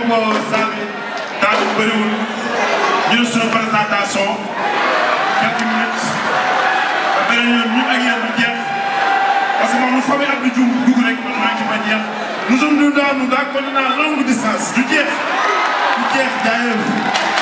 comme que Sall temps bi bëriwul ñu ne suñu présentation quelques minutes ba beneen yoon ñun ak yéen ñu jeex parce moom lu famille Abdou Diouf dugg man maa ci ma jeex nous sommes dans nous dans la longue distance du jeex du jeex jaayee.